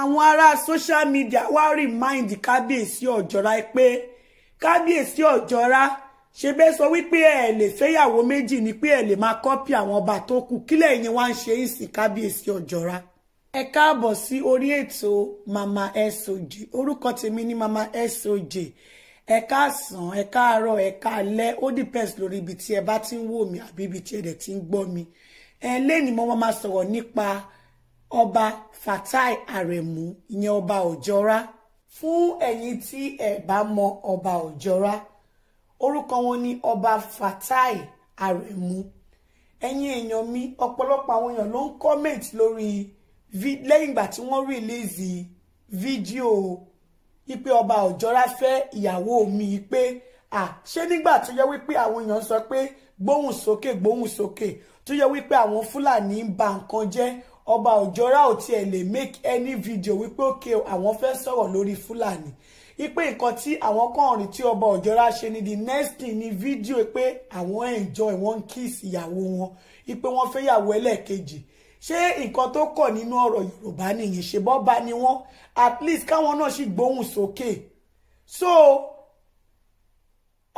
àwọn ará social media wá remind kábíyèsí ọ̀jọ́ra pé kábíyèsí ọ̀jọ́ra ṣe bẹ́ẹ̀ sọ wípé ẹ̀ lè fẹ́yàwó méjì ni pé ẹ̀ lè máa kọ́pì àwọn ọba tó kù kílẹ̀ yẹn wá ń ṣe ìsìn kábíyèsí ọ̀jọ́ra ẹ káàbọ̀ sí orí ètò mama soj orúkọ tèmi ni mama soj ẹ káàsán ẹ káàárọ̀ ẹ káalẹ́ ó depends lórí ibi tí ẹ bá ti ń wò mí àbí ibi tí ẹ dẹ̀ ti ń gbọ́ mi ẹ lẹ́ni mo máa sọ̀rọ̀ nípa ọba fatai aremu ìyẹn ọba òjọra fún ẹ̀yin tí ẹ bá mọ ọba òjọra orúkọ wọn ni ọba fatai aremu ẹ̀yin èèyàn mi ọ̀pọ̀lọpọ̀ àwọn èèyàn ló ń comment lórí lẹ́yìn ìgbà tí wọ́n rìlíìsì fídíò ipe ọba òjọra fẹ́ ìyàwó mi pé à ṣé nígbà tó yẹ wípé àwọn èèyàn sọ pé gbóhùn sókè gbóhùn sókè tó yẹ wípé àwọn fúlàní ń ba nǹkan jẹ́ ọba òjọra ò tiẹ̀ lè make any video wípé òkè àwọn fẹ́ sọ̀rọ̀ lórí fúlàní wípé nǹkan tí àwọn kan rìn tí ọba òjọra ṣe ni the next thing ni fídíò pé àwọn enjoy wọ́n ń kiss ìyàwó wọn wípé wọ́n fẹ́ yàwó ẹlẹ́ẹ̀kejì ṣé nǹkan tó kọ̀ nínú ọ̀rọ̀ yorùbá nìyẹn ṣe bọ́ba ni wọ́n at least káwọn náà sì gbóhùn sókè so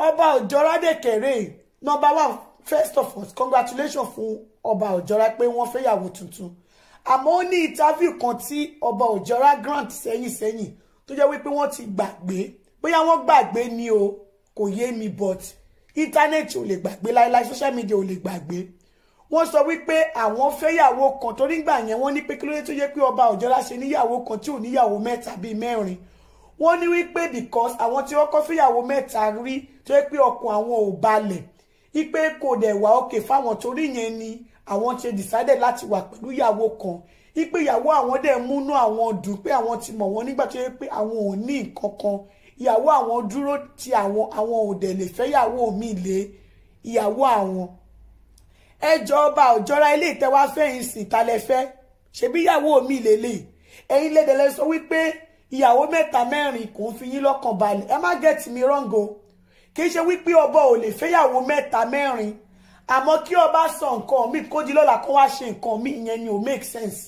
ọba òjọra dẹ̀kẹ̀rẹ̀ number one first of all congratulations fún ọba òjọra pé wọ́n fẹ́ yàwó tuntun àmọ́ ó ní interview kan tí ọba òjọra grant sẹ́yìn sẹ́yìn tó jẹ́ wípé wọ́n ti gbàgbé bóyá wọ́n gbàgbé ni o kò yé mi but íńtánẹ́ẹ̀tì ò lè gbàgbé láíláí social media ò lè gbàgbé wọ́n sọ wípé àwọn fẹ́yàwó kan torí gbà yẹn wọ́n ní pé kí ló dé tó yẹ pé ọba òjọra ṣe níyàwó kan tí ò níyàwó mẹ́ta bíi mẹ́rin wọ́n ní wípé because àwọn tí wọ́n kọ́ fẹ́yàwó mẹ́ta rí tó yẹ pé ọkàn àwọn ò balẹ̀ ipe kò dẹ̀ wá òkè fáwọn torí yẹn ni àwọn ṣe decided láti wà pẹ̀lú ìyàwó kan ipe ìyàwó àwọn dẹ̀ múnú àwọn dùn pé àwọn ti mọ̀ wọ́n nígbà tó yẹ pé àwọn ò ní nǹkan kan ìyàwó àwọn dúró ti àwọn àwọn ò dẹ̀ lè fẹ́ ìyàwó mi lé ìyàwó àwọn ẹjọ́ ọba òjọ́ra ilé ìtẹ́wá fẹ́yìn sí ìtàlẹ́fẹ́ ṣebí ìyàwó mi lélẹ̀ ẹ̀yin lédè lẹ sọ wípé ìyàwó mẹ́ta mẹ́rin kò ń fi yín lọ́kàn balẹ̀ ẹ má gẹ̀tì mi rọ́ǹgo kì í ṣe wípé ọba ò lè fẹ́yàwó mẹ́ta mẹ́rin àmọ́ kí ọba sọ nǹkan míì kó di lọ́la kó wá ṣe nǹkan míì ìyẹn ni ò make sense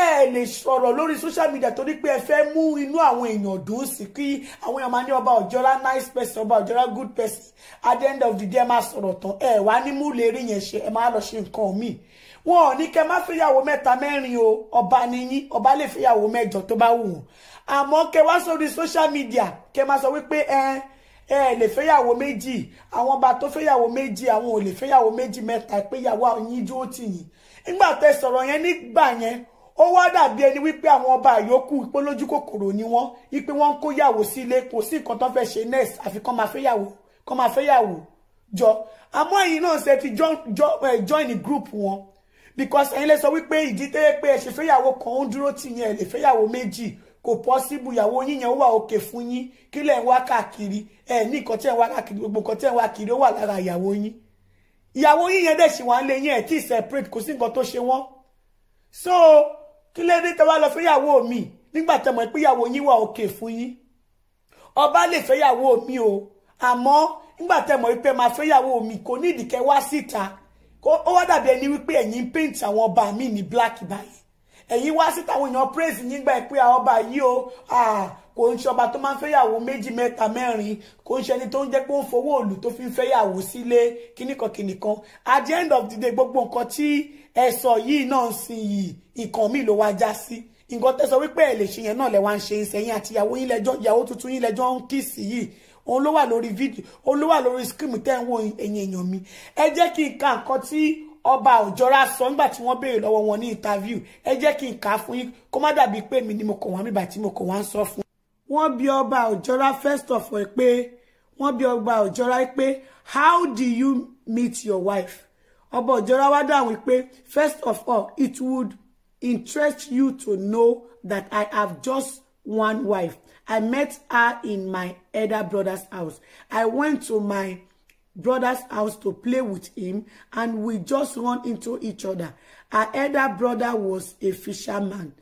ẹ lè sọ̀rọ̀ lórí social media torí pé ẹ fẹ́ mú inú àwọn èèyàn dùn sí kí àwọn èèyàn máa ní ọba òjọ́lá nice person ọba òjọ́lá good person at the end of the day ẹ máa sọ̀rọ̀ tán ẹ wá ní mú lè rí yẹn ṣe ẹ máa lọ ṣe nǹkan míì wọn ò ní kẹ́ má fẹ́yàwó mẹ́ta mẹ́rin o ọba nìyín ọba lè fẹ́yàwó mẹ́jọ tó bá wù wọ́n àmọ́ kẹ́ wá sórí social media kẹ́ máa sọ wípé ẹ eh, ẹ lè fẹ́yàwó méjì àwọn bá tó fẹ́yàwó méjì àwọn ò lè fẹ́yàwó méjì mẹ́ta pé ìyàwó yín dúró tì yín nígbà tẹ́ sọ̀rọ̀ yẹn nígbà yẹn ó wá dàbí ẹni wípé àwọn ọba àyókù pé lójú kòkòrò ni wọ́n wípé wọ́n ń kó yàwó sí ilé kò sí nǹkan tó fẹ́ ṣe nurse àfi kán máa fẹ́yàwó kán máa fẹ́yàwó jọ àmọ́ ẹ̀yin náà ṣe ti join eh, group wọn because ẹ̀yin lè sọ wípé ìdí tẹ́ pé ẹ ṣe fẹ́yàwó kan ó dúró tì yẹn ẹ lè fẹ́yàwó méjì kò pọ́síbù ìyàwó yín yẹn wà òkè fún yín kí lẹ̀ ń wá káàkiri ẹ ní nǹkan tí ẹ̀ ń wá gbogbo nǹkan tí ẹ̀ kiri ó wà lára ìyàwó yín ìyàwó yín yẹn dẹ̀ sì wà ń lé yín ẹ̀ separate kò sí nǹkan tó ṣe wọ́n so kí lè dé tẹ́wá lọ fẹ́ ìyàwó mi nígbà tẹ́ mọ̀ pé ìyàwó yín wà òkè fún yín ọba lè fẹ́ ìyàwó mi o àmọ́ nígbà tẹ́ mọ̀ pé máa fẹ́ ìyàwó mi kò ní ìdíkẹ́ wá síta ó wá dàbí ẹni wípé ẹ̀yin paint àwọn ọba mi ní black báyìí ẹ̀yin wá síta àwọn èèyàn praise yín gbà pé ọba yìí o ah, kò ń ṣọba tó máa ń fẹ́yàwó méjì mẹ́ta mẹ́rin kò ń ṣẹni tó ń jẹ́ pé ó ń fowó òòlù tó fi ń fẹ́yàwó sílé kíníkan kíníkan at the end of the day gbogbo nǹkan tí ẹ sọ yìí náà ń sin yìí nǹkan míì ló wá já sí nǹkan tẹ́ sọ wípé ẹ lè ṣe yẹn náà lẹ wá ń ṣe ìsẹ̀yìn àti ìyàwó yín lẹ́jọ́ ìyàwó tuntun yín lẹ́jọ́ ń kí sí yìí òun ló wà lórí fídíò òun ló wà lórí skrim tẹ́ ń wo ẹ̀yìn èèyàn mi ẹ jẹ́ kí n ka nǹkan tí ọba òjọra sọ nígbà tí wọ́n béèrè lọ́wọ́ wọn ní interview ẹ jẹ́ kí n kà á fún yín kó má dàbí pé mi ni mo kàn wọ́n bíbà tí mo kàn wọ́n sọ fún. wọ́n bi ọba òjọra first of all pé wọ́n bi ọba òjọra pé how do you meet your wife ọba òjọra wá dáhùn pé first of all it would interest you to know that I have just one wife I met her in my elder brother's house I went to my brother's house to play with him and we just run into each other. Our elder brother was a fisherman.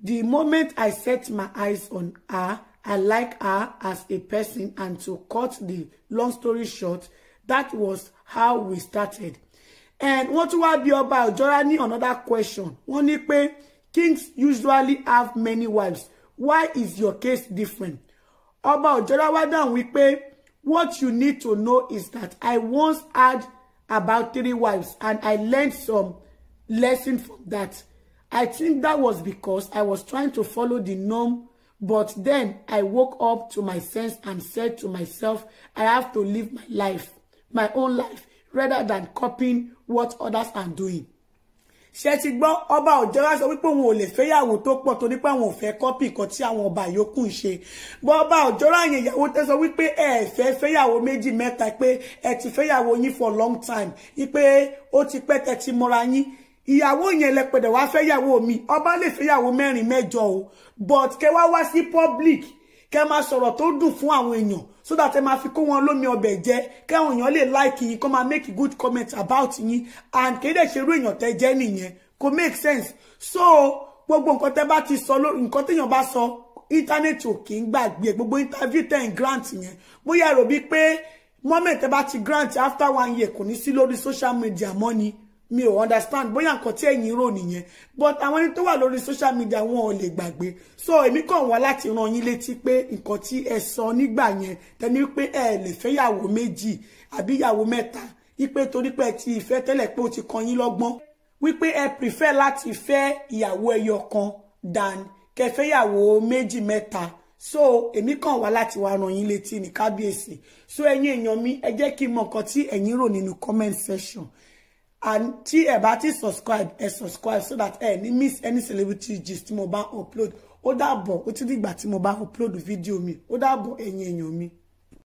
The moment I set my eyes on her, I like her as a person and to cut the long story short, that was how we started. And what tún wá bí ọba Ojora another question. Wọ́n kings usually have many wives. Why is your case different? About Ojora wá dáhùn What you need to know is that I once had about three wives and I learned some lesson from that. I think that was because I was trying to follow the norm, but then I woke up to my sense and said to myself, I have to live my life, my own life, rather than copying what others are doing ṣe ti gbọ́ ọba òjọra sọ wípé òun ò lè fẹ́yàwó tó pọ̀ torí pé àwọn ò fẹ́ kọ́pì kan tí àwọn ọba yòókù ń ṣe bọ́ ọba òjọra yẹn ìyàwó tẹ́ sọ wípé ẹ fẹ́ fẹ́yàwó méjì mẹ́ta pé ẹ ti fẹ́yàwó yín for long time wípé ó ti pẹ́ tẹ́ ti mọ́ra yín ìyàwó yẹn lẹ́pẹ̀dẹ̀ wá fẹ́yàwó mi ọba lè fẹ́yàwó mẹ́rin mẹ́jọ o but kẹ wá wá sí public kẹ́ máa sọ̀rọ̀ tó dùn fún àwọn èèyàn so that ẹ máa fi kó wọn lómi ọbẹ̀ jẹ kẹ́wọn èèyàn lè like yín kó máa make good comment about yín and kéde ṣerú èèyàn tẹ́ jẹ́ nìyẹn kò make sense so gbogbo nǹkan tẹ́ bá ti sọ lórí nǹkan téèyàn bá sọ íńtánẹ́ẹ̀tì ò kì í gbàgbé gbogbo interview ten grant yẹn bóyá rò bí pé moment tẹ́ bá ti grant after one year kò ní sí lórí social media mọ́ ni mi ò understand bóyá nǹkan tí ẹ̀yin rò nìyẹn but àwọn ẹni tó wà lórí social media wọn ò lè gbàgbé so èmi kàn wá láti rán yín létí pé nǹkan tí ẹ sọ nígbà yẹn tẹni pé ẹ lè fẹ́ yàwó méjì àbí yàwó mẹ́ta wípé torí pé ẹ ti ìfẹ́ tẹ́lẹ̀ pé ó ti kan yín lọ́gbọ́n wípé ẹ prefer láti fẹ́ ìyàwó ẹyọ kan dan kẹfẹ́yàwó méjì mẹ́ta so èmi eh, kàn wá láti wá ràn yín létí ní kábíyèsí so ẹ̀yin èèyàn mi ẹ jẹ́ kí n mọ nǹkan tí ẹ̀yin rò nínú comment section and ti e bá ti subscribe e subscribe so that ẹ ní miss any celebrity gist tí mo bá upload ó bo o ti dìgbà tí mo bá upload video mi ó dàbọ̀ ẹ̀yin èèyàn mi.